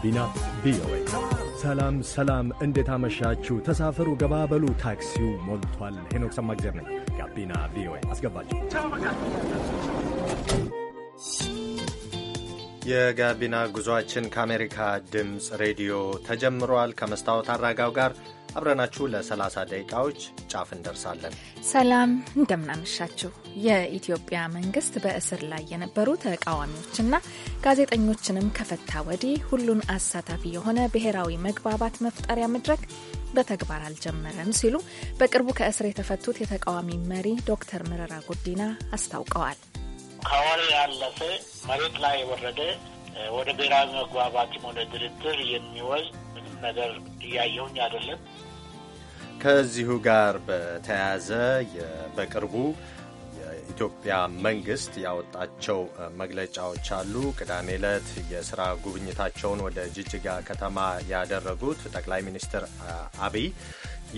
ጋቢና ቪኦኤ። ሰላም ሰላም፣ እንዴት አመሻችሁ? ተሳፈሩ፣ ገባበሉ፣ ታክሲው ሞልቷል። ሄኖክ ሰማግዜር ነኝ። ጋቢና ቪኦኤ አስገባችሁ። የጋቢና ጉዟችን ከአሜሪካ ድምፅ ሬዲዮ ተጀምሯል። ከመስታወት አራጋው ጋር አብረናችሁ ለ30 ደቂቃዎች ጫፍ እንደርሳለን። ሰላም እንደምናመሻችሁ። የኢትዮጵያ መንግስት በእስር ላይ የነበሩ ተቃዋሚዎችና ጋዜጠኞችንም ከፈታ ወዲህ ሁሉን አሳታፊ የሆነ ብሔራዊ መግባባት መፍጠሪያ መድረክ በተግባር አልጀመረም ሲሉ በቅርቡ ከእስር የተፈቱት የተቃዋሚ መሪ ዶክተር መረራ ጉዲና አስታውቀዋል። ከወር ያለፈ መሬት ላይ የወረደ ወደ ብሔራዊ መግባባትም ሆነ ድርድር የሚወስድ ነገር እያየውኝ አይደለም። ከዚሁ ጋር በተያያዘ በቅርቡ የኢትዮጵያ መንግስት ያወጣቸው መግለጫዎች አሉ። ቅዳሜ ዕለት የስራ ጉብኝታቸውን ወደ ጅጅጋ ከተማ ያደረጉት ጠቅላይ ሚኒስትር አብይ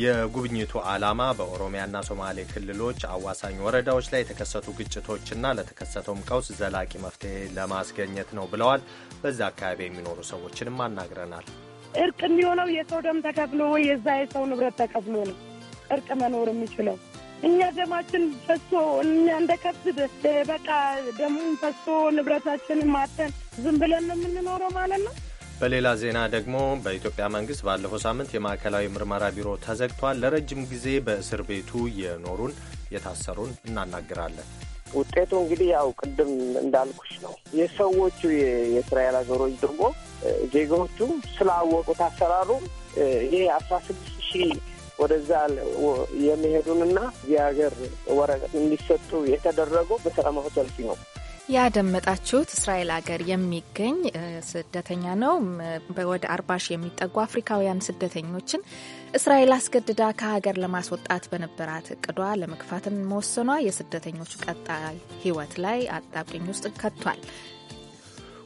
የጉብኝቱ ዓላማ በኦሮሚያና ሶማሌ ክልሎች አዋሳኝ ወረዳዎች ላይ የተከሰቱ ግጭቶችና ለተከሰተውም ቀውስ ዘላቂ መፍትሄ ለማስገኘት ነው ብለዋል። በዛ አካባቢ የሚኖሩ ሰዎችንም አናግረናል። እርቅ የሚሆነው የሰው ደም ተከፍሎ ወይ የዛ የሰው ንብረት ተከፍሎ ነው እርቅ መኖር የሚችለው። እኛ ደማችን ፈሶ እኛ እንደ ከብት በቃ ደሙን ፈሶ ንብረታችንን ማተን ዝም ብለን ነው የምንኖረው ማለት ነው። በሌላ ዜና ደግሞ በኢትዮጵያ መንግስት ባለፈው ሳምንት የማዕከላዊ ምርመራ ቢሮ ተዘግቷል። ለረጅም ጊዜ በእስር ቤቱ የኖሩን የታሰሩን እናናግራለን። ውጤቱ እንግዲህ ያው ቅድም እንዳልኩሽ ነው። የሰዎቹ የእስራኤል ሀገሮች ደግሞ ዜጎቹ ስላወቁት አሰራሩ ይህ አስራ ስድስት ሺህ ወደዛ የሚሄዱንና የሀገር ወረቀት እንዲሰጡ የተደረገው በሰላማዊ ሰልፍ ነው። ያደመጣችሁት እስራኤል ሀገር የሚገኝ ስደተኛ ነው። ወደ አርባ ሺህ የሚጠጉ አፍሪካውያን ስደተኞችን እስራኤል አስገድዳ ከሀገር ለማስወጣት በነበራት እቅዷ ለመግፋትን መወሰኗ የስደተኞቹ ቀጣይ ሕይወት ላይ አጣብቂኝ ውስጥ ከቷል።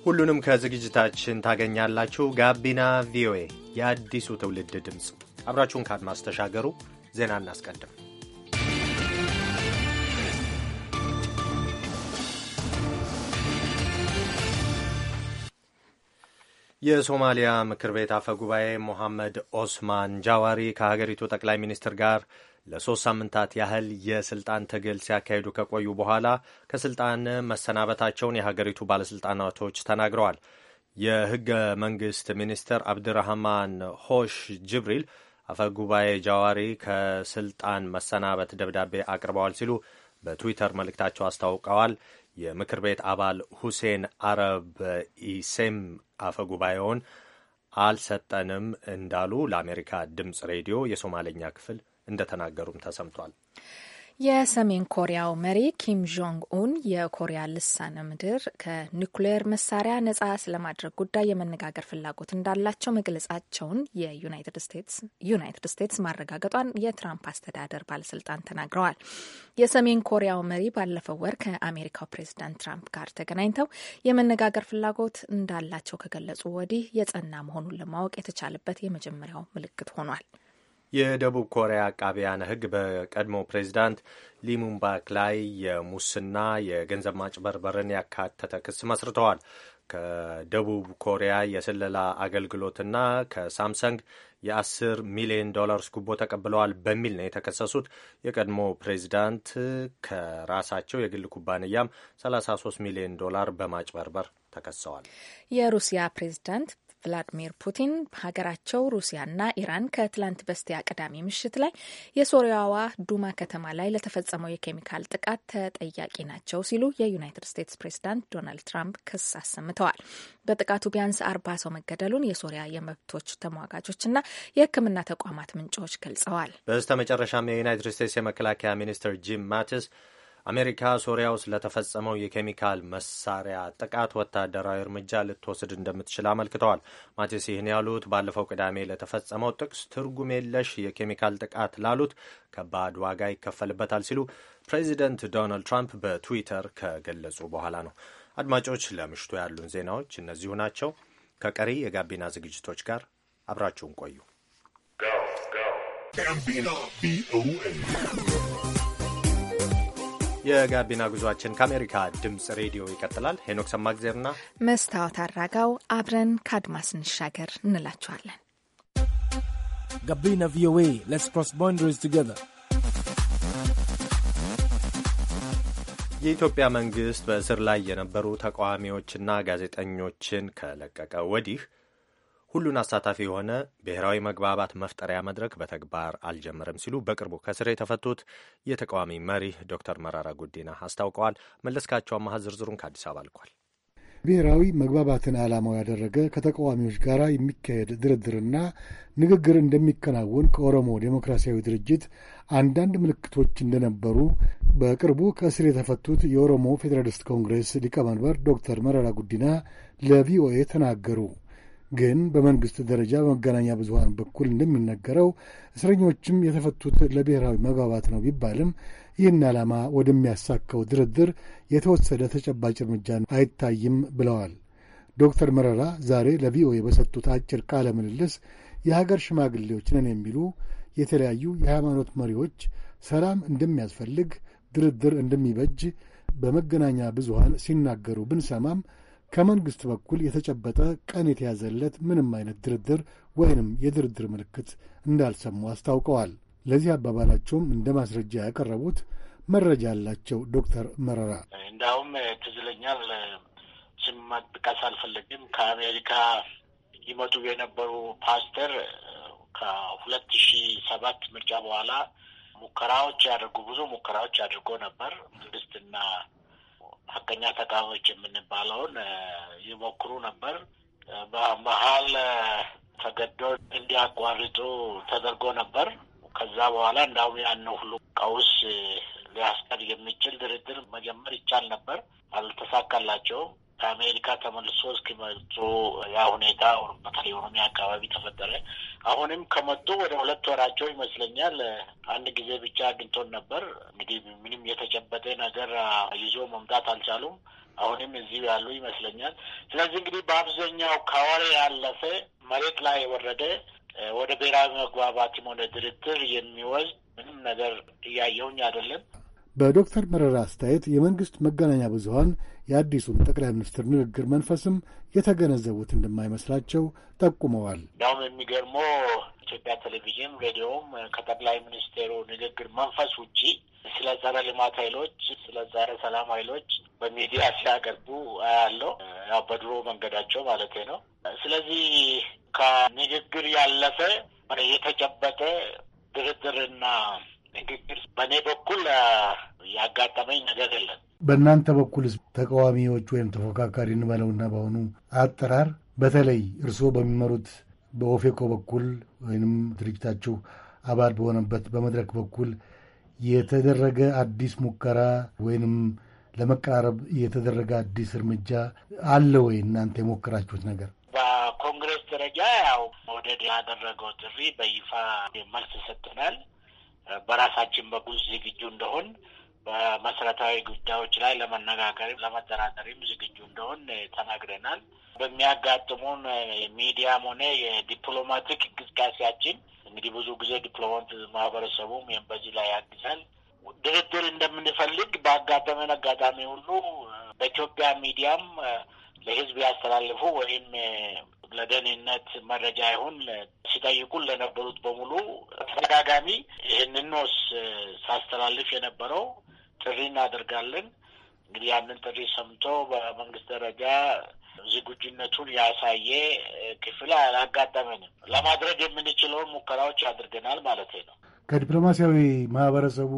ሁሉንም ከዝግጅታችን ታገኛላችሁ። ጋቢና ቪኦኤ የአዲሱ ትውልድ ድምፅ፣ አብራችሁን ካድማስ ተሻገሩ። ዜና እናስቀድም። የሶማሊያ ምክር ቤት አፈ ጉባኤ ሞሐመድ ኦስማን ጃዋሪ ከሀገሪቱ ጠቅላይ ሚኒስትር ጋር ለሶስት ሳምንታት ያህል የስልጣን ትግል ሲያካሂዱ ከቆዩ በኋላ ከስልጣን መሰናበታቸውን የሀገሪቱ ባለስልጣናቶች ተናግረዋል። የህገ መንግስት ሚኒስትር አብድራህማን ሆሽ ጅብሪል አፈ ጉባኤ ጃዋሪ ከስልጣን መሰናበት ደብዳቤ አቅርበዋል ሲሉ በትዊተር መልእክታቸው አስታውቀዋል። የምክር ቤት አባል ሁሴን አረብ ኢሴም አፈ ጉባኤውን አልሰጠንም እንዳሉ ለአሜሪካ ድምፅ ሬዲዮ የሶማለኛ ክፍል እንደተናገሩም ተሰምቷል። የሰሜን ኮሪያው መሪ ኪም ጆንግ ኡን የኮሪያ ልሳነ ምድር ከኒኩሌር መሳሪያ ነጻ ስለማድረግ ጉዳይ የመነጋገር ፍላጎት እንዳላቸው መግለጻቸውን የዩናይትድ ስቴትስ ማረጋገጧን የትራምፕ አስተዳደር ባለስልጣን ተናግረዋል። የሰሜን ኮሪያው መሪ ባለፈው ወር ከአሜሪካው ፕሬዚዳንት ትራምፕ ጋር ተገናኝተው የመነጋገር ፍላጎት እንዳላቸው ከገለጹ ወዲህ የጸና መሆኑን ለማወቅ የተቻለበት የመጀመሪያው ምልክት ሆኗል። የደቡብ ኮሪያ አቃቢያነ ሕግ በቀድሞ ፕሬዚዳንት ሊሙንባክ ላይ የሙስና የገንዘብ ማጭበርበርን ያካተተ ክስ መስርተዋል። ከደቡብ ኮሪያ የስለላ አገልግሎትና ከሳምሰንግ የ10 ሚሊዮን ዶላርስ ጉቦ ተቀብለዋል በሚል ነው የተከሰሱት። የቀድሞ ፕሬዚዳንት ከራሳቸው የግል ኩባንያም 33 ሚሊዮን ዶላር በማጭበርበር ተከሰዋል። የሩሲያ ፕሬዚዳንት ቭላዲሚር ፑቲን ሀገራቸው ሩሲያና ኢራን ከትላንት በስቲያ ቅዳሜ ምሽት ላይ የሶሪያዋ ዱማ ከተማ ላይ ለተፈጸመው የኬሚካል ጥቃት ተጠያቂ ናቸው ሲሉ የዩናይትድ ስቴትስ ፕሬዚዳንት ዶናልድ ትራምፕ ክስ አሰምተዋል። በጥቃቱ ቢያንስ አርባ ሰው መገደሉን የሶሪያ የመብቶች ተሟጋቾችና የሕክምና ተቋማት ምንጮች ገልጸዋል። በስተ መጨረሻም የዩናይትድ ስቴትስ የመከላከያ ሚኒስትር ጂም ማቲስ አሜሪካ ሶሪያ ውስጥ ለተፈጸመው የኬሚካል መሳሪያ ጥቃት ወታደራዊ እርምጃ ልትወስድ እንደምትችል አመልክተዋል። ማቴስ ይህን ያሉት ባለፈው ቅዳሜ ለተፈጸመው ጥቅስ ትርጉም የለሽ የኬሚካል ጥቃት ላሉት ከባድ ዋጋ ይከፈልበታል ሲሉ ፕሬዚደንት ዶናልድ ትራምፕ በትዊተር ከገለጹ በኋላ ነው። አድማጮች፣ ለምሽቱ ያሉን ዜናዎች እነዚሁ ናቸው። ከቀሪ የጋቢና ዝግጅቶች ጋር አብራችሁን ቆዩ። የጋቢና ጉዟችን ከአሜሪካ ድምፅ ሬዲዮ ይቀጥላል። ሄኖክ ሰማግዜርና መስታወት አራጋው አብረን ከአድማስ እንሻገር እንላችኋለን። ጋቢና ቪኦኤ ሌትስ ክሮስ ቦንደሪስ ቱጌዘር የኢትዮጵያ መንግስት በእስር ላይ የነበሩ ተቃዋሚዎችና ጋዜጠኞችን ከለቀቀ ወዲህ ሁሉን አሳታፊ የሆነ ብሔራዊ መግባባት መፍጠሪያ መድረክ በተግባር አልጀመረም ሲሉ በቅርቡ ከስር የተፈቱት የተቃዋሚ መሪ ዶክተር መራራ ጉዲና አስታውቀዋል። መለስካቸው አማሃ ዝርዝሩን ከአዲስ አበባ ልኳል። ብሔራዊ መግባባትን ዓላማው ያደረገ ከተቃዋሚዎች ጋር የሚካሄድ ድርድርና ንግግር እንደሚከናወን ከኦሮሞ ዴሞክራሲያዊ ድርጅት አንዳንድ ምልክቶች እንደነበሩ በቅርቡ ከእስር የተፈቱት የኦሮሞ ፌዴራሊስት ኮንግሬስ ሊቀመንበር ዶክተር መረራ ጉዲና ለቪኦኤ ተናገሩ። ግን በመንግስት ደረጃ በመገናኛ ብዙሀን በኩል እንደሚነገረው እስረኞችም የተፈቱት ለብሔራዊ መግባባት ነው ቢባልም ይህን ዓላማ ወደሚያሳካው ድርድር የተወሰደ ተጨባጭ እርምጃ አይታይም ብለዋል። ዶክተር መረራ ዛሬ ለቪኦኤ በሰጡት አጭር ቃለ ምልልስ የሀገር ሽማግሌዎች ነን የሚሉ የተለያዩ የሃይማኖት መሪዎች ሰላም እንደሚያስፈልግ፣ ድርድር እንደሚበጅ በመገናኛ ብዙሀን ሲናገሩ ብንሰማም ከመንግሥት በኩል የተጨበጠ ቀን የተያዘለት ምንም አይነት ድርድር ወይንም የድርድር ምልክት እንዳልሰሙ አስታውቀዋል። ለዚህ አባባላቸውም እንደ ማስረጃ ያቀረቡት መረጃ ያላቸው ዶክተር መረራ እንዳውም ትዝ ይለኛል ስም መጥቀስ አልፈለግም ከአሜሪካ ይመጡ የነበሩ ፓስተር ከሁለት ሺ ሰባት ምርጫ በኋላ ሙከራዎች ያደርጉ ብዙ ሙከራዎች አድርጎ ነበር መንግስትና ሀቀኛ ተቃዋሚዎች የምንባለውን ይሞክሩ ነበር። በመሀል ተገዶ እንዲያቋርጡ ተደርጎ ነበር። ከዛ በኋላ እንዳውም ያን ሁሉ ቀውስ ሊያስቀር የሚችል ድርድር መጀመር ይቻል ነበር፣ አልተሳካላቸውም። ከአሜሪካ ተመልሶ እስኪመጡ ያ ሁኔታ በተለይ ኦሮሚያ አካባቢ ተፈጠረ። አሁንም ከመጡ ወደ ሁለት ወራቸው ይመስለኛል። አንድ ጊዜ ብቻ አግኝቶን ነበር። እንግዲህ ምንም የተጨበጠ ነገር ይዞ መምጣት አልቻሉም። አሁንም እዚሁ ያሉ ይመስለኛል። ስለዚህ እንግዲህ በአብዛኛው ከወሬ ያለፈ መሬት ላይ የወረደ ወደ ብሔራዊ መግባባትም ሆነ ድርድር የሚወስድ ምንም ነገር እያየውኝ አይደለም። በዶክተር መረራ አስተያየት የመንግስት መገናኛ ብዙሀን የአዲሱን ጠቅላይ ሚኒስትር ንግግር መንፈስም የተገነዘቡት እንደማይመስላቸው ጠቁመዋል። እንዳውም የሚገርመው ኢትዮጵያ ቴሌቪዥን ሬዲዮም ከጠቅላይ ሚኒስቴሩ ንግግር መንፈስ ውጪ ስለ ጸረ ልማት ኃይሎች፣ ስለ ጸረ ሰላም ኃይሎች በሚዲያ ሲያቀርቡ አያለው። ያው በድሮ መንገዳቸው ማለት ነው። ስለዚህ ከንግግር ያለፈ የተጨበጠ ድርድርና ንግግር በእኔ በኩል ያጋጠመኝ ነገር የለም። በእናንተ በኩልስ ተቃዋሚዎች ወይም ተፎካካሪ እንበለውና በአሁኑ አጠራር በተለይ እርስዎ በሚመሩት በኦፌኮ በኩል ወይም ድርጅታችሁ አባል በሆነበት በመድረክ በኩል የተደረገ አዲስ ሙከራ ወይንም ለመቀራረብ የተደረገ አዲስ እርምጃ አለ ወይ? እናንተ የሞከራችሁት ነገር? በኮንግረስ ደረጃ ያው መውደድ ያደረገው ጥሪ በይፋ መልስ ሰጥተናል። በራሳችን በኩል ዝግጁ እንደሆን በመሰረታዊ ጉዳዮች ላይ ለመነጋገርም ለመደራደርም ዝግጁ እንደሆን ተናግረናል። በሚያጋጥሙን ሚዲያም ሆነ የዲፕሎማቲክ እንቅስቃሴያችን እንግዲህ ብዙ ጊዜ ዲፕሎማት ማህበረሰቡም ይህም በዚህ ላይ ያግዛል። ድርድር እንደምንፈልግ በአጋጠመን አጋጣሚ ሁሉ በኢትዮጵያ ሚዲያም ለህዝብ ያስተላልፉ ወይም ለደህንነት መረጃ ይሁን ሲጠይቁን ለነበሩት በሙሉ ተደጋጋሚ ኖስ ሳስተላልፍ የነበረው ጥሪ እናደርጋለን። እንግዲህ ያንን ጥሪ ሰምቶ በመንግስት ደረጃ ዝግጁነቱን ያሳየ ክፍል አላጋጠመንም። ለማድረግ የምንችለውን ሙከራዎች አድርገናል ማለት ነው። ከዲፕሎማሲያዊ ማህበረሰቡ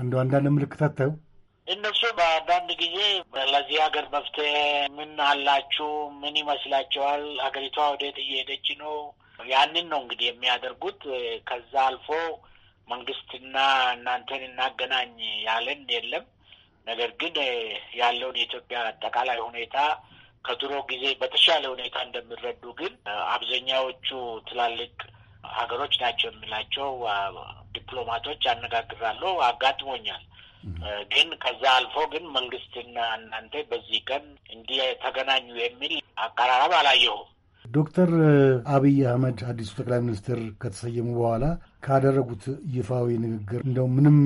አንዱ አንዳንድ ምልክታት ታዩ እነሱ በአንዳንድ ጊዜ ለዚህ ሀገር መፍትሄ ምን አላችሁ? ምን ይመስላችኋል? ሀገሪቷ ወዴት እየሄደች ነው? ያንን ነው እንግዲህ የሚያደርጉት። ከዛ አልፎ መንግስትና እናንተን እናገናኝ ያለን የለም። ነገር ግን ያለውን የኢትዮጵያ አጠቃላይ ሁኔታ ከድሮ ጊዜ በተሻለ ሁኔታ እንደሚረዱ ግን አብዛኛዎቹ ትላልቅ ሀገሮች ናቸው የሚላቸው ዲፕሎማቶች አነጋግራለሁ። አጋጥሞኛል። ግን ከዛ አልፎ ግን መንግስትና እናንተ በዚህ ቀን እንዲህ ተገናኙ የሚል አቀራረብ አላየሁም። ዶክተር አብይ አህመድ አዲሱ ጠቅላይ ሚኒስትር ከተሰየሙ በኋላ ካደረጉት ይፋዊ ንግግር እንደው ምንም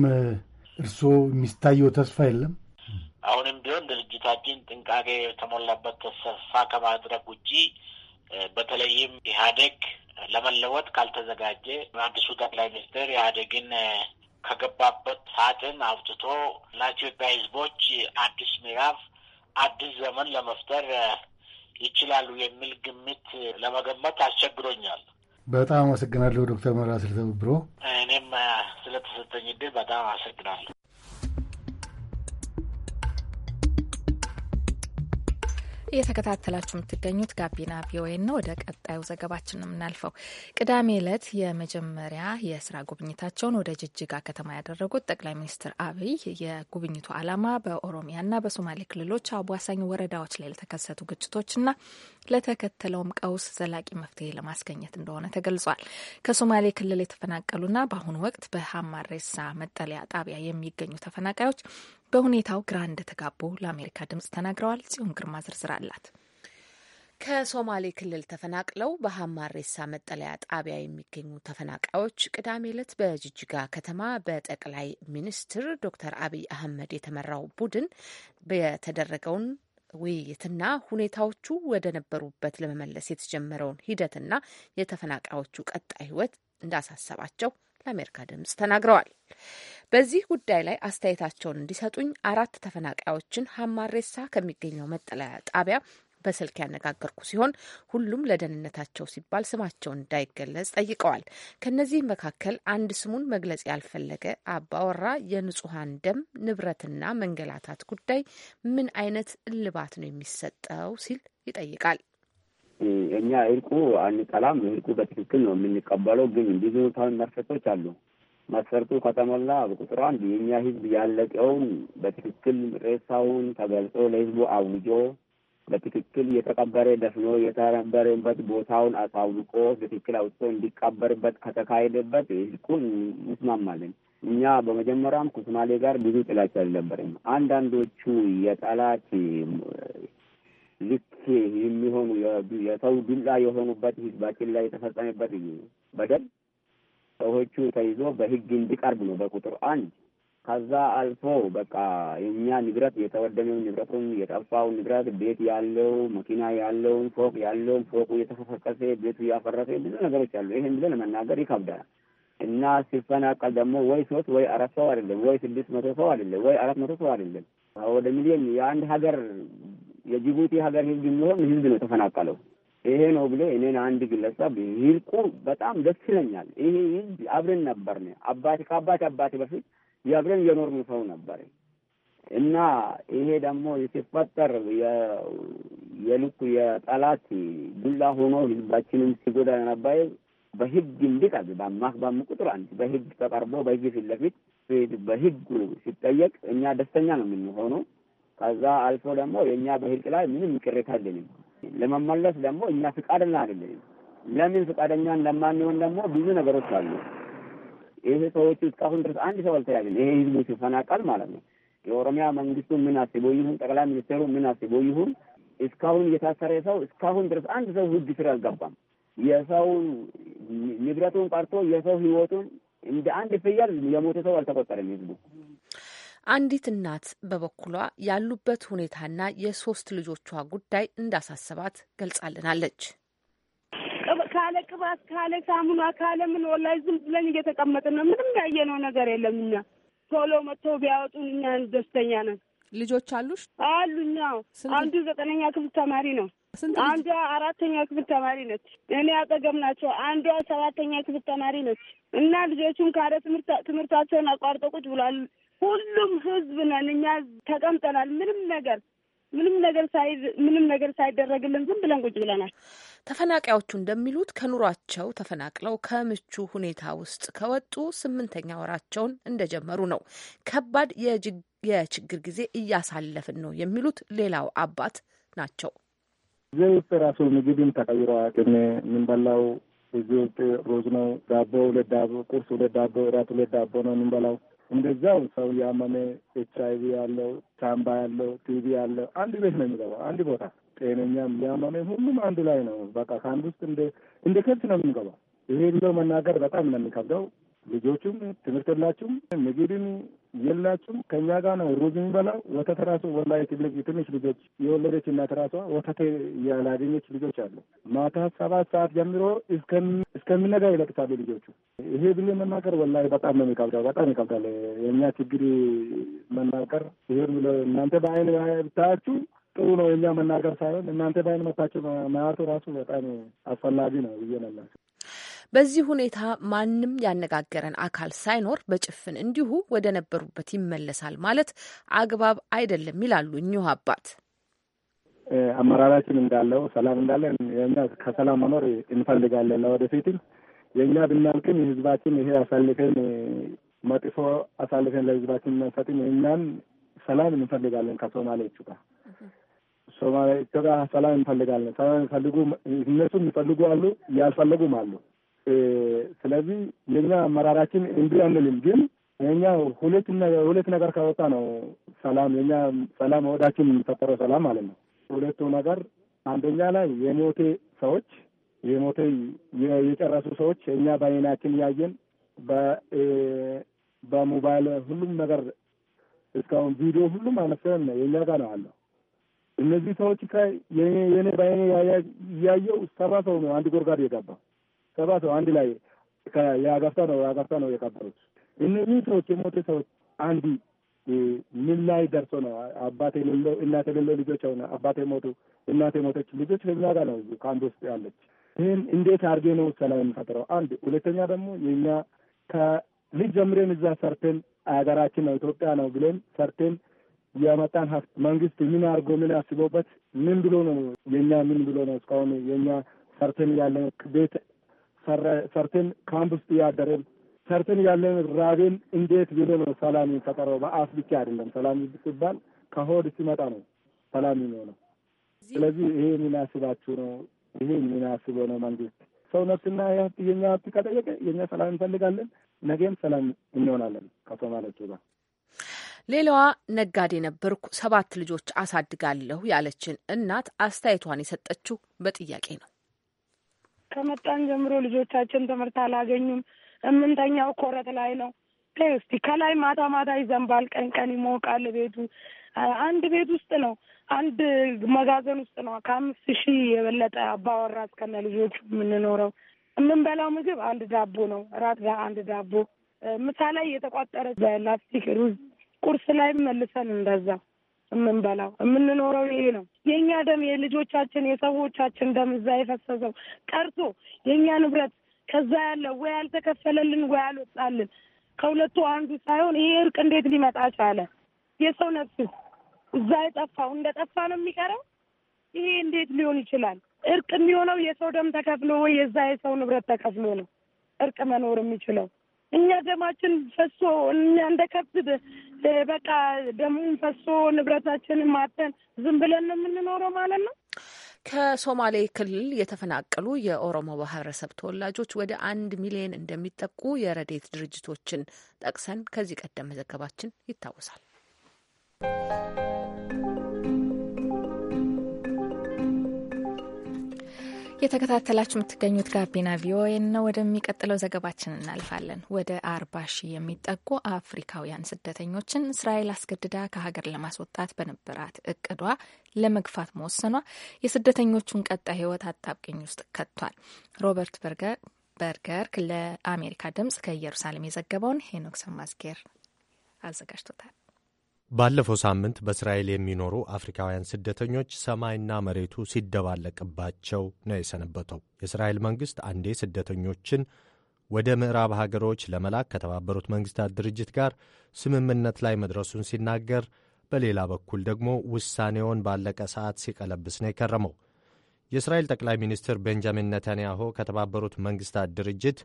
እርስዎ የሚታየው ተስፋ የለም? አሁንም ቢሆን ድርጅታችን ጥንቃቄ የተሞላበት ተስፋ ከማድረግ ውጪ በተለይም ኢህአዴግ ለመለወጥ ካልተዘጋጀ አዲሱ ጠቅላይ ሚኒስትር ኢህአዴግን ከገባበት ሳጥን አውጥቶ ለኢትዮጵያ ሕዝቦች አዲስ ምዕራፍ አዲስ ዘመን ለመፍጠር ይችላሉ የሚል ግምት ለመገመት አስቸግሮኛል። በጣም አመሰግናለሁ ዶክተር መራ ስለተብብሮ። እኔም ስለተሰጠኝ እድል በጣም አመሰግናለሁ። እየተከታተላችሁ የምትገኙት ጋቢና ቪኦኤ ነው። ወደ ቀጣዩ ዘገባችን የምናልፈው። ቅዳሜ ዕለት የመጀመሪያ የስራ ጉብኝታቸውን ወደ ጅጅጋ ከተማ ያደረጉት ጠቅላይ ሚኒስትር አብይ የጉብኝቱ ዓላማ በኦሮሚያና በሶማሌ ክልሎች አዋሳኝ ወረዳዎች ላይ ለተከሰቱ ግጭቶችና ለተከተለውም ቀውስ ዘላቂ መፍትሄ ለማስገኘት እንደሆነ ተገልጿል። ከሶማሌ ክልል የተፈናቀሉና በአሁኑ ወቅት በሀማሬሳ መጠለያ ጣቢያ የሚገኙ ተፈናቃዮች በሁኔታው ግራ እንደተጋቡ ለአሜሪካ ድምጽ ተናግረዋል። ጽዮን ግርማ ዝርዝር አላት። ከሶማሌ ክልል ተፈናቅለው በሀማሬሳ መጠለያ ጣቢያ የሚገኙ ተፈናቃዮች ቅዳሜ ዕለት በጅጅጋ ከተማ በጠቅላይ ሚኒስትር ዶክተር አብይ አህመድ የተመራው ቡድን የተደረገውን ውይይትና ሁኔታዎቹ ወደ ነበሩበት ለመመለስ የተጀመረውን ሂደትና የተፈናቃዮቹ ቀጣይ ህይወት እንዳሳሰባቸው ለአሜሪካ ድምጽ ተናግረዋል። በዚህ ጉዳይ ላይ አስተያየታቸውን እንዲሰጡኝ አራት ተፈናቃዮችን ሀማሬሳ ከሚገኘው መጠለያ ጣቢያ በስልክ ያነጋገርኩ ሲሆን ሁሉም ለደህንነታቸው ሲባል ስማቸውን እንዳይገለጽ ጠይቀዋል። ከነዚህ መካከል አንድ ስሙን መግለጽ ያልፈለገ አባወራ የንጹሐን ደም ንብረትና መንገላታት ጉዳይ ምን አይነት እልባት ነው የሚሰጠው ሲል ይጠይቃል። እኛ እርቁ አንጠላም፣ እርቁ በትክክል ነው የምንቀበለው። ግን ብዙ መርፈቶች አሉ። መስፈርቱ ከተሞላ በቁጥሩ አንድ የእኛ ህዝብ ያለቀውን በትክክል ሬሳውን ተገልጾ ለህዝቡ አውጆ በትክክል የተቀበረ ደፍኖ የተረበረበት ቦታውን አሳውቆ በትክክል አውጥቶ እንዲቀበርበት ከተካሄደበት ህልቁን እንስማማለን። እኛ በመጀመሪያም ከሶማሌ ጋር ብዙ ጥላቻ አልነበረም። አንዳንዶቹ የጠላት ልክ የሚሆኑ የሰው ዱላ የሆኑበት ህዝባችን ላይ የተፈጸመበት በደል ሰዎቹ ተይዞ በህግ እንዲቀርብ ነው በቁጥር አንድ። ከዛ አልፎ በቃ የእኛ ንብረት የተወደመው ንብረቱን የጠፋው ንብረት ቤት ያለው መኪና ያለውን ፎቅ ያለውን ፎቁ የተፈፈቀሰ ቤቱ ያፈረሰ ብዙ ነገሮች አሉ። ይህን ብለን መናገር ይከብዳል እና ሲፈናቀል ደግሞ ወይ ሶስት ወይ አራት ሰው አይደለም ወይ ስድስት መቶ ሰው አይደለም ወይ አራት መቶ ሰው አይደለም ወደ ሚሊዮን የአንድ ሀገር የጅቡቲ ሀገር ህዝብ የሚሆን ህዝብ ነው ተፈናቀለው። ይሄ ነው ብሎ እኔን አንድ ግለሰብ ይልቁ በጣም ደስ ይለኛል። ይሄ ህዝብ አብረን ነበር ነው አባቴ ከአባቴ አባቴ በፊት የአብረን የኖርን ሰው ነበር እና ይሄ ደግሞ ሲፈጠር የልኩ የጠላት ዱላ ሆኖ ህዝባችንን ሲጎዳ ነበር። በህግ እንዲቀርብ በአማክባም ቁጥር አንድ በህግ ተቀርቦ በህግ ፊት ለፊት በህግ ሲጠየቅ እኛ ደስተኛ ነው የምንሆነው። ከዛ አልፎ ደግሞ የእኛ በህግ ላይ ምንም ቅሬታ የለንም። ለመመለስ ደግሞ እኛ ፍቃደኛ አይደለንም። ለምን ፍቃደኛ ለማንሆን ደግሞ ብዙ ነገሮች አሉ። ይህ ሰዎቹ እስካሁን ድረስ አንድ ሰው አልተያዘም። ይሄ ህዝቡ ሲፈናቀል ማለት ነው። የኦሮሚያ መንግስቱ ምን አስቦ ይሁን ጠቅላይ ሚኒስትሩ ምን አስቦ ይሁን እስካሁን እየታሰረ ሰው እስካሁን ድረስ አንድ ሰው ህግ ስር አልገባም። የሰው ንብረቱን ቀርቶ የሰው ህይወቱን እንደ አንድ ፍየል የሞተ ሰው አልተቆጠረም ህዝቡ አንዲት እናት በበኩሏ ያሉበት ሁኔታና የሶስት ልጆቿ ጉዳይ እንዳሳሰባት ገልጻልናለች። ካለ ቅባት፣ ካለ ሳሙና፣ ካለ ምን ወላሂ ዝም ብለን እየተቀመጥን ነው። ምንም ያየነው ነገር የለም። እኛ ቶሎ መጥተው ቢያወጡን እኛ ደስተኛ ነን። ልጆች አሉሽ? አሉኛ። አንዱ ዘጠነኛ ክፍል ተማሪ ነው። አንዷ አራተኛ ክፍል ተማሪ ነች። እኔ አጠገብ ናቸው። አንዷ ሰባተኛ ክፍል ተማሪ ነች። እና ልጆቹን ካለ ትምህርታቸውን አቋርጠው ቁጭ ብሏል። ሁሉም ህዝብ ነን እኛ ተቀምጠናል። ምንም ነገር ምንም ነገር ሳይ ምንም ነገር ሳይደረግልን ዝም ብለን ቁጭ ብለናል። ተፈናቃዮቹ እንደሚሉት ከኑሯቸው ተፈናቅለው ከምቹ ሁኔታ ውስጥ ከወጡ ስምንተኛ ወራቸውን እንደጀመሩ ነው። ከባድ የችግር ጊዜ እያሳለፍን ነው የሚሉት ሌላው አባት ናቸው። እዚህ ውስጥ ራሱ ምግብም ተቀይሯል። የምንበላው እዚህ ውስጥ ሮዝ ነው። ዳቦ ሁለት ዳቦ፣ ቁርስ ሁለት ዳቦ፣ እራት ሁለት ዳቦ ነው የምንበላው እንደዛው ሰው ያመመ ኤች አይቪ ያለው ሳምባ ያለው ቲቪ ያለው አንድ ቤት ነው የሚገባው። አንድ ቦታ ጤነኛም ያመመ ሁሉም አንድ ላይ ነው። በቃ ከአንድ ውስጥ እንደ እንደ ከብት ነው የሚገባው። ይሄ ብሎ መናገር በጣም ነው የሚከብደው። ልጆቹም ትምህርት የላችሁም፣ ምግብም የላችሁም፣ ከእኛ ጋር ነው ሩዝ የሚበላው ወተት ራሱ ወላ ትንሽ ልጆች የወለደች እናት ራሷ ወተት ያላገኘች ልጆች አሉ። ማታ ሰባት ሰዓት ጀምሮ እስከሚነጋ ይለቅሳሉ ልጆቹ። ይሄ ብዬ መናገር ወላ በጣም ነው የሚከብደው፣ በጣም ይከብዳል። የእኛ ችግር መናገር ይሄ እናንተ በአይን ብታያችሁ ጥሩ ነው። የኛ መናገር ሳይሆን እናንተ በአይን መታችሁ ማየቱ ራሱ በጣም አስፈላጊ ነው ብዬ ነላቸው በዚህ ሁኔታ ማንም ያነጋገረን አካል ሳይኖር በጭፍን እንዲሁ ወደ ነበሩበት ይመለሳል ማለት አግባብ አይደለም ይላሉ እኚሁ አባት። አመራራችን እንዳለው ሰላም እንዳለን የእኛ ከሰላም መኖር እንፈልጋለን ለወደፊትም የእኛ ብናልቅም የህዝባችን ይሄ አሳልፈን መጥፎ አሳልፈን ለህዝባችን መንሰጥም የእኛን ሰላም እንፈልጋለን። ከሶማሌዎቹ ጋር ሶማሌዎቹ ጋር ሰላም እንፈልጋለን። ሰላም እንፈልጉ እነሱ የሚፈልጉ አሉ፣ ያልፈለጉም አሉ። ስለዚህ የኛ አመራራችን እንዲ አንልም፣ ግን የኛ ሁለት ሁለት ነገር ካወጣ ነው ሰላም የኛ ሰላም ወዳችን የሚፈጠረው ሰላም ማለት ነው። ሁለቱ ነገር አንደኛ ላይ የሞቴ ሰዎች የሞቴ የጨረሱ ሰዎች እኛ በአይናችን ያየን በሞባይል ሁሉም ነገር እስካሁን ቪዲዮ ሁሉም አነሰን የኛ ጋር ነው አለው። እነዚህ ሰዎች ከ የኔ በአይኔ እያየው ሰባ ሰው ነው አንድ ጎርጋድ የገባው ሰባት አንድ ላይ የአጋፍታ ነው የአጋፍታ ነው የቀበሩት። እነዚህ ሰዎች የሞቱ ሰዎች አንድ ምን ላይ ደርሶ ነው? አባቴ የሌለው እናቴ የሌለው ልጆች ሆነ አባቴ ሞቱ እናቴ የሞተች ልጆች ከዛ ጋር ነው ከአንድ ውስጥ ያለች። ይህን እንዴት አድርጌ ነው ሰላም የምፈጥረው? አንድ ሁለተኛ ደግሞ የኛ ከልጅ ጀምሬን እዛ ሰርተን ሀገራችን ነው ኢትዮጵያ ነው ብለን ሰርተን የመጣን ሀብት መንግስት ምን አድርጎ ምን አስቦበት ምን ብሎ ነው የእኛ ምን ብሎ ነው እስካሁን የእኛ ሰርተን ያለ ቤት ሰርተን ካምፕ ውስጥ እያደረን ሰርተን ያለን ራቤን እንዴት ብሎ ነው ሰላም የሚፈጠረው? በአፍ ብቻ አይደለም። ሰላም ሲባል ከሆድ ሲመጣ ነው ሰላም የሚሆነው። ስለዚህ ይሄ የሚናስባችሁ ነው። ይሄ የሚናስበው ነው መንግስት። ሰውነትና ነፍስና የኛ ሀብት ከጠየቀ የኛ ሰላም እንፈልጋለን። ነገም ሰላም እንሆናለን ከሶማሌዎቹ ጋር። ሌላዋ ነጋዴ ነበርኩ ሰባት ልጆች አሳድጋለሁ ያለችን እናት አስተያየቷን የሰጠችው በጥያቄ ነው። ከመጣን ጀምሮ ልጆቻችን ትምህርት አላገኙም። እምንተኛው ኮረት ላይ ነው። እስቲ ከላይ ማታ ማታ ይዘንባል፣ ቀን ቀን ይሞቃል። ቤቱ አንድ ቤት ውስጥ ነው፣ አንድ መጋዘን ውስጥ ነው። ከአምስት ሺህ የበለጠ አባወራ እስከነ ልጆቹ የምንኖረው የምንበላው ምግብ አንድ ዳቦ ነው። እራት ጋር አንድ ዳቦ፣ ምሳ ላይ የተቋጠረ በላስቲክ ሩዝ፣ ቁርስ ላይ መልሰን እንደዛ የምንበላው የምንኖረው ይሄ ነው። የእኛ ደም የልጆቻችን የሰዎቻችን ደም እዛ የፈሰሰው ቀርቶ የእኛ ንብረት ከዛ ያለው ወይ ያልተከፈለልን ወይ ያልወጣልን ከሁለቱ አንዱ ሳይሆን ይሄ እርቅ እንዴት ሊመጣ ቻለ? የሰው ነፍስ እዛ የጠፋው እንደ ጠፋ ነው የሚቀረው። ይሄ እንዴት ሊሆን ይችላል? እርቅ የሚሆነው የሰው ደም ተከፍሎ ወይ የዛ የሰው ንብረት ተከፍሎ ነው እርቅ መኖር የሚችለው። እኛ ደማችን ፈሶ እኛ እንደ ከብት በቃ ደሙን ፈሶ ንብረታችንን ማተን ዝም ብለን ነው የምንኖረው ማለት ነው። ከሶማሌ ክልል የተፈናቀሉ የኦሮሞ ማህበረሰብ ተወላጆች ወደ አንድ ሚሊዮን እንደሚጠቁ የረዴት ድርጅቶችን ጠቅሰን ከዚህ ቀደም መዘገባችን ይታወሳል። የተከታተላችሁ የምትገኙት ጋቢና ቪኦኤ ነው። ወደሚቀጥለው ዘገባችን እናልፋለን። ወደ አርባ ሺህ የሚጠጉ አፍሪካውያን ስደተኞችን እስራኤል አስገድዳ ከሀገር ለማስወጣት በነበራት እቅዷ ለመግፋት መወሰኗ የስደተኞቹን ቀጣይ ሕይወት አጣብቂኝ ውስጥ ከቷል። ሮበርት በርገር በርገር ለአሜሪካ ድምጽ ከኢየሩሳሌም የዘገበውን ሄኖክ ሰማዝጌር አዘጋጅቶታል። ባለፈው ሳምንት በእስራኤል የሚኖሩ አፍሪካውያን ስደተኞች ሰማይና መሬቱ ሲደባለቅባቸው ነው የሰነበተው። የእስራኤል መንግሥት አንዴ ስደተኞችን ወደ ምዕራብ ሀገሮች ለመላክ ከተባበሩት መንግሥታት ድርጅት ጋር ስምምነት ላይ መድረሱን ሲናገር፣ በሌላ በኩል ደግሞ ውሳኔውን ባለቀ ሰዓት ሲቀለብስ ነው የከረመው። የእስራኤል ጠቅላይ ሚኒስትር ቤንጃሚን ነታንያሁ ከተባበሩት መንግሥታት ድርጅት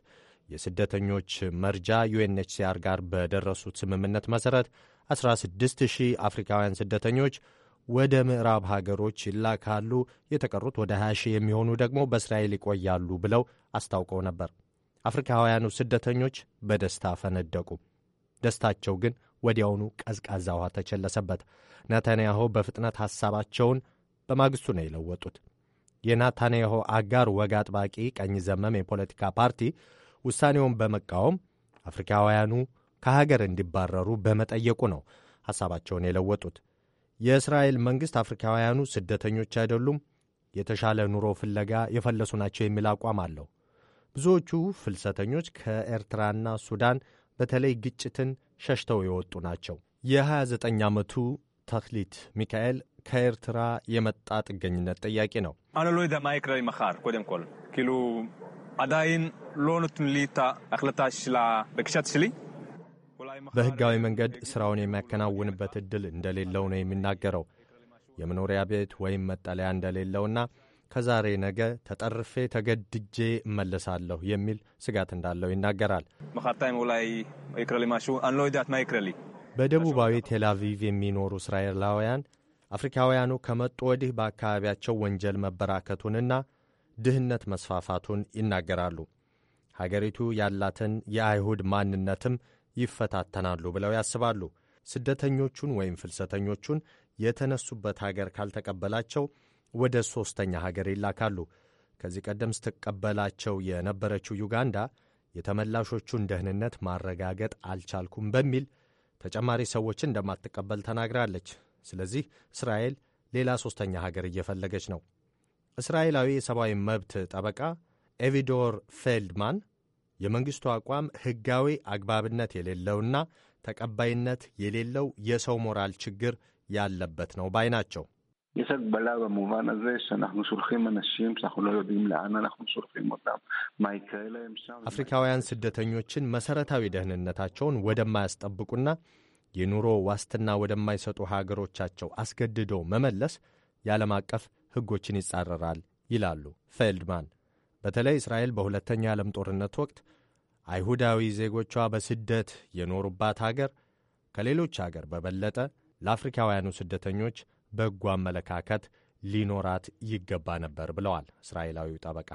የስደተኞች መርጃ ዩኤንኤችሲአር ጋር በደረሱት ስምምነት መሠረት 16 ሺህ አፍሪካውያን ስደተኞች ወደ ምዕራብ ሀገሮች ይላካሉ። የተቀሩት ወደ 20 ሺህ የሚሆኑ ደግሞ በእስራኤል ይቆያሉ ብለው አስታውቀው ነበር። አፍሪካውያኑ ስደተኞች በደስታ ፈነደቁ። ደስታቸው ግን ወዲያውኑ ቀዝቃዛ ውሃ ተቸለሰበት። ነታንያሆ በፍጥነት ሐሳባቸውን በማግስቱ ነው የለወጡት። የናታንያሆ አጋር ወግ አጥባቂ ቀኝ ዘመም የፖለቲካ ፓርቲ ውሳኔውን በመቃወም አፍሪካውያኑ ከሀገር እንዲባረሩ በመጠየቁ ነው ሐሳባቸውን የለወጡት። የእስራኤል መንግሥት አፍሪካውያኑ ስደተኞች አይደሉም፣ የተሻለ ኑሮ ፍለጋ የፈለሱ ናቸው የሚል አቋም አለው። ብዙዎቹ ፍልሰተኞች ከኤርትራና ሱዳን በተለይ ግጭትን ሸሽተው የወጡ ናቸው። የ29 ዓመቱ ተክሊት ሚካኤል ከኤርትራ የመጣ ጥገኝነት ጥያቄ ነው። አነ ሎይዳ መኻር ኮደም ኮል ኪሉ አዳይን ሎኑትን አክለታ ሽላ በክሻት ሽልኝ በህጋዊ መንገድ ሥራውን የሚያከናውንበት ዕድል እንደሌለው ነው የሚናገረው። የመኖሪያ ቤት ወይም መጠለያ እንደሌለውና ከዛሬ ነገ ተጠርፌ ተገድጄ እመለሳለሁ የሚል ስጋት እንዳለው ይናገራል። በደቡባዊ ቴላቪቭ የሚኖሩ እስራኤላውያን አፍሪካውያኑ ከመጡ ወዲህ በአካባቢያቸው ወንጀል መበራከቱንና ድህነት መስፋፋቱን ይናገራሉ። ሀገሪቱ ያላትን የአይሁድ ማንነትም ይፈታተናሉ ብለው ያስባሉ። ስደተኞቹን ወይም ፍልሰተኞቹን የተነሱበት ሀገር ካልተቀበላቸው ወደ ሦስተኛ ሀገር ይላካሉ። ከዚህ ቀደም ስትቀበላቸው የነበረችው ዩጋንዳ የተመላሾቹን ደህንነት ማረጋገጥ አልቻልኩም በሚል ተጨማሪ ሰዎችን እንደማትቀበል ተናግራለች። ስለዚህ እስራኤል ሌላ ሦስተኛ ሀገር እየፈለገች ነው። እስራኤላዊ የሰብአዊ መብት ጠበቃ ኤቪዶር ፌልድማን የመንግሥቱ አቋም ሕጋዊ አግባብነት የሌለውና ተቀባይነት የሌለው የሰው ሞራል ችግር ያለበት ነው ባይ ናቸው። አፍሪካውያን ስደተኞችን መሠረታዊ ደህንነታቸውን ወደማያስጠብቁና የኑሮ ዋስትና ወደማይሰጡ ሀገሮቻቸው አስገድዶ መመለስ የዓለም አቀፍ ሕጎችን ይጻረራል ይላሉ ፌልድማን። በተለይ እስራኤል በሁለተኛ ዓለም ጦርነት ወቅት አይሁዳዊ ዜጎቿ በስደት የኖሩባት አገር ከሌሎች አገር በበለጠ ለአፍሪካውያኑ ስደተኞች በጎ አመለካከት ሊኖራት ይገባ ነበር ብለዋል እስራኤላዊው ጠበቃ።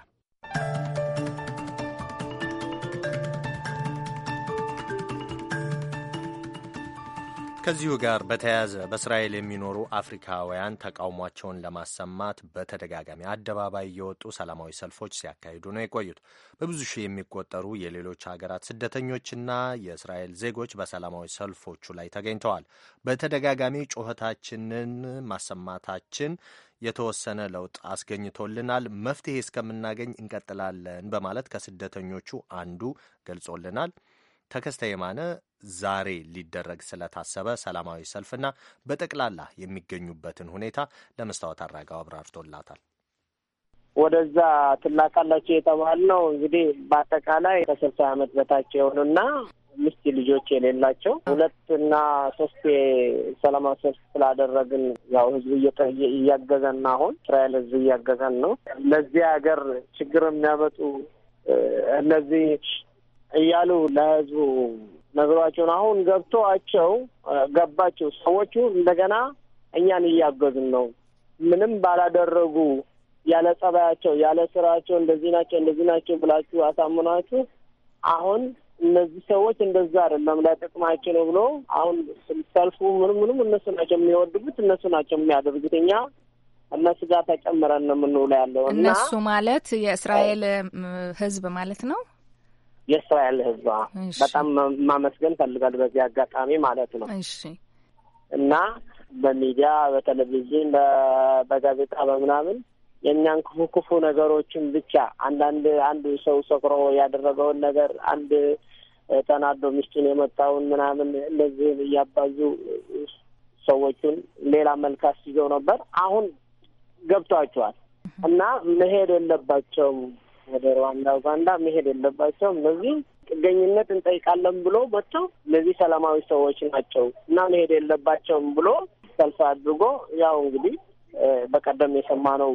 ከዚሁ ጋር በተያያዘ በእስራኤል የሚኖሩ አፍሪካውያን ተቃውሟቸውን ለማሰማት በተደጋጋሚ አደባባይ እየወጡ ሰላማዊ ሰልፎች ሲያካሂዱ ነው የቆዩት። በብዙ ሺህ የሚቆጠሩ የሌሎች ሀገራት ስደተኞችና የእስራኤል ዜጎች በሰላማዊ ሰልፎቹ ላይ ተገኝተዋል። በተደጋጋሚ ጩኸታችንን ማሰማታችን የተወሰነ ለውጥ አስገኝቶልናል፣ መፍትሄ እስከምናገኝ እንቀጥላለን በማለት ከስደተኞቹ አንዱ ገልጾልናል። ተከስተ የማነ ዛሬ ሊደረግ ስለታሰበ ሰላማዊ ሰልፍና በጠቅላላ የሚገኙበትን ሁኔታ ለመስታወት አራጋው አብራርቶላታል። ወደዛ ትላካላቸው ነው እንግዲህ በአጠቃላይ ከስልሳ ዓመት በታች የሆኑና ምስት ልጆች የሌላቸው ሁለት እና ሶስት ሰላማዊ ሰልፍ ስላደረግን ያው ህዝብ እያገዘን አሁን እስራኤል ህዝብ እያገዘን ነው። ለዚህ ሀገር ችግር የሚያመጡ እነዚህ እያሉ ለህዝቡ ነግሯቸውን አሁን ገብቶአቸው ገባቸው። ሰዎቹ እንደገና እኛን እያገዙን ነው። ምንም ባላደረጉ ያለ ጸባያቸው፣ ያለ ስራቸው እንደዚህ ናቸው እንደዚህ ናቸው ብላችሁ አሳምናችሁ አሁን እነዚህ ሰዎች እንደዛ አይደለም ለጥቅማቸው ነው ብሎ አሁን ሰልፉ ምንም ምንም እነሱ ናቸው የሚወድጉት እነሱ ናቸው የሚያደርጉት እኛ እነሱ ጋር ተጨምረን ነው የምንውለው ያለው። እነሱ ማለት የእስራኤል ህዝብ ማለት ነው። የእስራኤል ህዝባ በጣም ማመስገን ፈልጋል በዚህ አጋጣሚ ማለት ነው እና በሚዲያ በቴሌቪዥን በጋዜጣ በምናምን የእኛን ክፉ ክፉ ነገሮችን ብቻ አንዳንድ አንድ ሰው ሰክሮ ያደረገውን ነገር አንድ ተናዶ ሚስቱን የመጣውን ምናምን እነዚህን እያባዙ ሰዎቹን ሌላ መልካስ ይዘው ነበር። አሁን ገብቷቸዋል እና መሄድ የለባቸውም ወደ ሩዋንዳ ኡጋንዳ መሄድ የለባቸውም ለዚህ ጥገኝነት እንጠይቃለን ብሎ መጥተው እነዚህ ሰላማዊ ሰዎች ናቸው እና መሄድ የለባቸውም ብሎ ሰልፍ አድርጎ ያው እንግዲህ በቀደም የሰማነው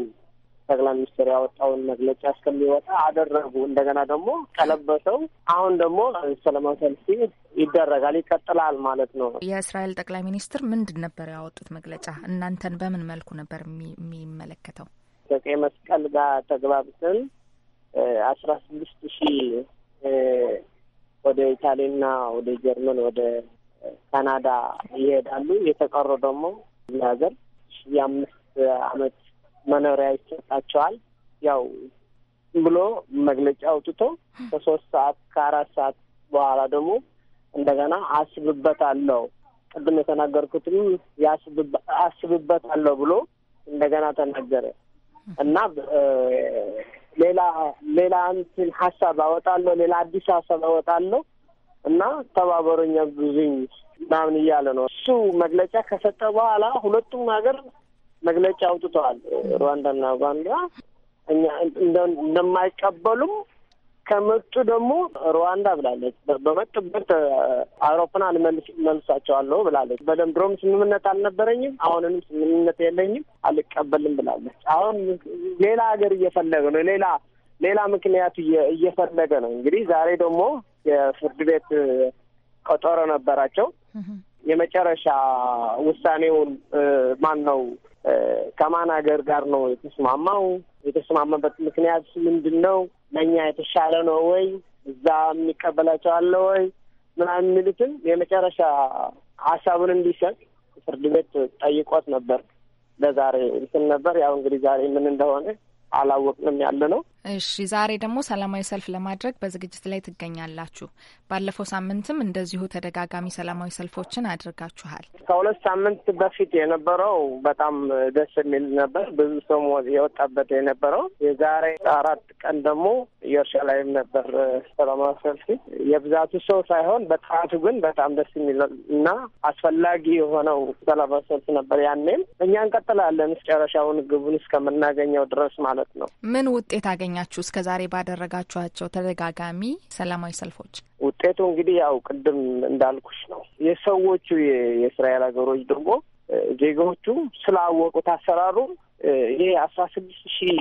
ጠቅላይ ሚኒስትር ያወጣውን መግለጫ እስከሚወጣ አደረጉ። እንደገና ደግሞ ቀለበሰው። አሁን ደግሞ ሰላማዊ ሰልፍ ይደረጋል፣ ይቀጥላል ማለት ነው። የእስራኤል ጠቅላይ ሚኒስትር ምንድን ነበር ያወጡት መግለጫ? እናንተን በምን መልኩ ነበር የሚመለከተው? ከቀይ መስቀል ጋር ተግባብተን አስራ ስድስት ሺህ ወደ ኢታሊና ወደ ጀርመን ወደ ካናዳ ይሄዳሉ። የተቀረው ደግሞ እዚህ ሀገር የአምስት አመት መኖሪያ ይሰጣቸዋል። ያው ብሎ መግለጫ አውጥቶ ከሶስት ሰዓት ከአራት ሰዓት በኋላ ደግሞ እንደገና አስብበታለሁ ቅድም የተናገርኩትም አስብበታለሁ ብሎ እንደገና ተናገረ እና ሌላ ሌላ እንትን ሀሳብ አወጣለሁ፣ ሌላ አዲስ ሀሳብ አወጣለሁ እና ተባበሩኝ፣ አግዙኝ ምናምን እያለ ነው። እሱ መግለጫ ከሰጠ በኋላ ሁለቱም ሀገር መግለጫ አውጥተዋል፣ ሩዋንዳና ኡጋንዳ እኛ እንደማይቀበሉም ከመጡ ደግሞ ሩዋንዳ ብላለች። በመጡበት አውሮፕላን አልመልሳቸዋለሁ ብላለች። በደም ድሮም ስምምነት አልነበረኝም፣ አሁንንም ስምምነት የለኝም፣ አልቀበልም ብላለች። አሁን ሌላ ሀገር እየፈለገ ነው። ሌላ ሌላ ምክንያት እየፈለገ ነው። እንግዲህ ዛሬ ደግሞ የፍርድ ቤት ቀጠሮ ነበራቸው። የመጨረሻ ውሳኔውን ማን ነው ከማን ሀገር ጋር ነው የተስማማው? የተስማማበት ምክንያት ምንድን ነው? ለእኛ የተሻለ ነው ወይ እዛ የሚቀበላቸው አለ ወይ ምናምን የሚሉትን የመጨረሻ ሀሳቡን እንዲሰጥ ፍርድ ቤት ጠይቆት ነበር። ለዛሬ እንትን ነበር። ያው እንግዲህ ዛሬ ምን እንደሆነ አላወቅንም ያለ ነው። እሺ ዛሬ ደግሞ ሰላማዊ ሰልፍ ለማድረግ በዝግጅት ላይ ትገኛላችሁ። ባለፈው ሳምንትም እንደዚሁ ተደጋጋሚ ሰላማዊ ሰልፎችን አድርጋችኋል። ከሁለት ሳምንት በፊት የነበረው በጣም ደስ የሚል ነበር፣ ብዙ ሰው የወጣበት የነበረው። የዛሬ አራት ቀን ደግሞ የእርሻ ላይም ነበር ሰላማዊ ሰልፍ። የብዛቱ ሰው ሳይሆን በጥራቱ ግን በጣም ደስ የሚል እና አስፈላጊ የሆነው ሰላማዊ ሰልፍ ነበር። ያኔም እኛ እንቀጥላለን፣ መጨረሻውን ግቡን እስከምናገኘው ድረስ ማለት ነው። ምን ውጤት አገኘ ያገኛችሁ እስከ ዛሬ ባደረጋችኋቸው ተደጋጋሚ ሰላማዊ ሰልፎች? ውጤቱ እንግዲህ ያው ቅድም እንዳልኩሽ ነው። የሰዎቹ የእስራኤል ሀገሮች ደግሞ ዜጋዎቹ ስላወቁት አሰራሩ ይሄ አስራ ስድስት ሺህ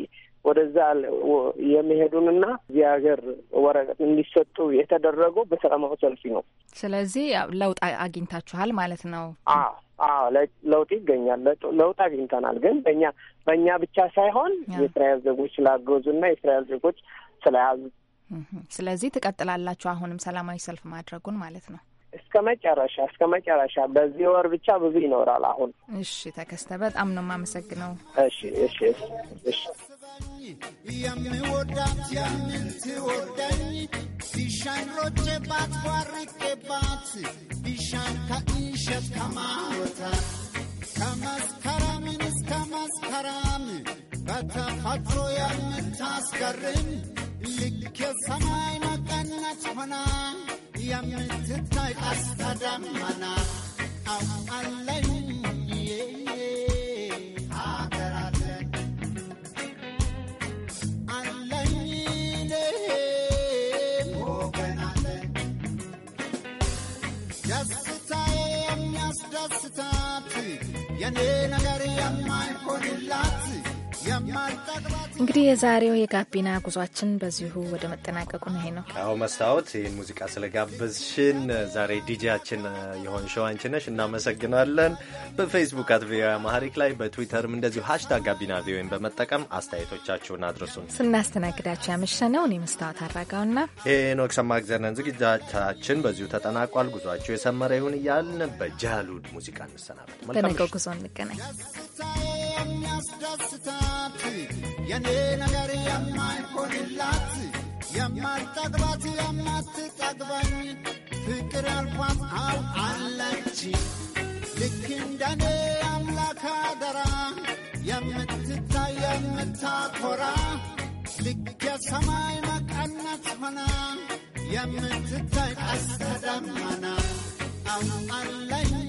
ወደዛ የሚሄዱንና እዚህ ሀገር ወረቀት እንዲሰጡ የተደረጉ በሰላማዊ ሰልፊ ነው። ስለዚህ ለውጥ አግኝታችኋል ማለት ነው? አዎ ለውጥ ይገኛል። ለውጥ አግኝተናል። ግን በእኛ በእኛ ብቻ ሳይሆን የእስራኤል ዜጎች ስላገዙና የእስራኤል ዜጎች ስለያዙ። ስለዚህ ትቀጥላላችሁ አሁንም ሰላማዊ ሰልፍ ማድረጉን ማለት ነው? እስከ መጨረሻ እስከ መጨረሻ። በዚህ ወር ብቻ ብዙ ይኖራል። አሁን እሺ፣ ተከስተ በጣም ነው የማመሰግነው። እሺ እሺ እሺ የምወዳት ያንን ትወዳኝ ቢሻኝ ሮጬባት ባርቄባት ቢሻኝ ከእንሸት ከማወታት ከመስከረምን እስከ መስከረም በተፈጥሮ የምታስገርም ልክ የሰማይ መቀነት ሆና የምትታይ ቀስተ አው አለኝ የኔ ነገር የማይሆንላት እንግዲህ የዛሬው የጋቢና ጉዟችን በዚሁ ወደ መጠናቀቁ ነው። ይሄ ነው አሁ መስታወት ይህን ሙዚቃ ስለጋበዝሽን ዛሬ ዲጂያችን የሆን ሸው አንቺ ነሽ፣ እናመሰግናለን። በፌስቡክ አት ቪኦኤ አማሪክ ላይ በትዊተርም እንደዚሁ ሀሽታግ ጋቢና ቪኦኤን በመጠቀም አስተያየቶቻችሁን አድርሱን። ስናስተናግዳችሁ ያመሸነው እኔ መስታወት አድራጋውና ሄኖክ ሰማእግዜርን። ዝግጅታችን በዚሁ ተጠናቋል። ጉዟችሁ የሰመረ ይሁን እያልን በጃሉድ ሙዚቃ እንሰናበት። በነገው ጉዞ እንገናኝ። የሚያስደስታት የኔ ነገር የማይሆንላት የማትጠግባት የማትጠግበኝ ፍቅር አልኳት አው አለች ልክ እንደኔ አምላክ አደራ የምትታይ የምታኮራ ልክ የሰማይ መቀነት ሆና የምትታይ ቀስተ አው አለኝ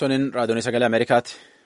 Toniin raadiyoonii sagalee Ameerikaati.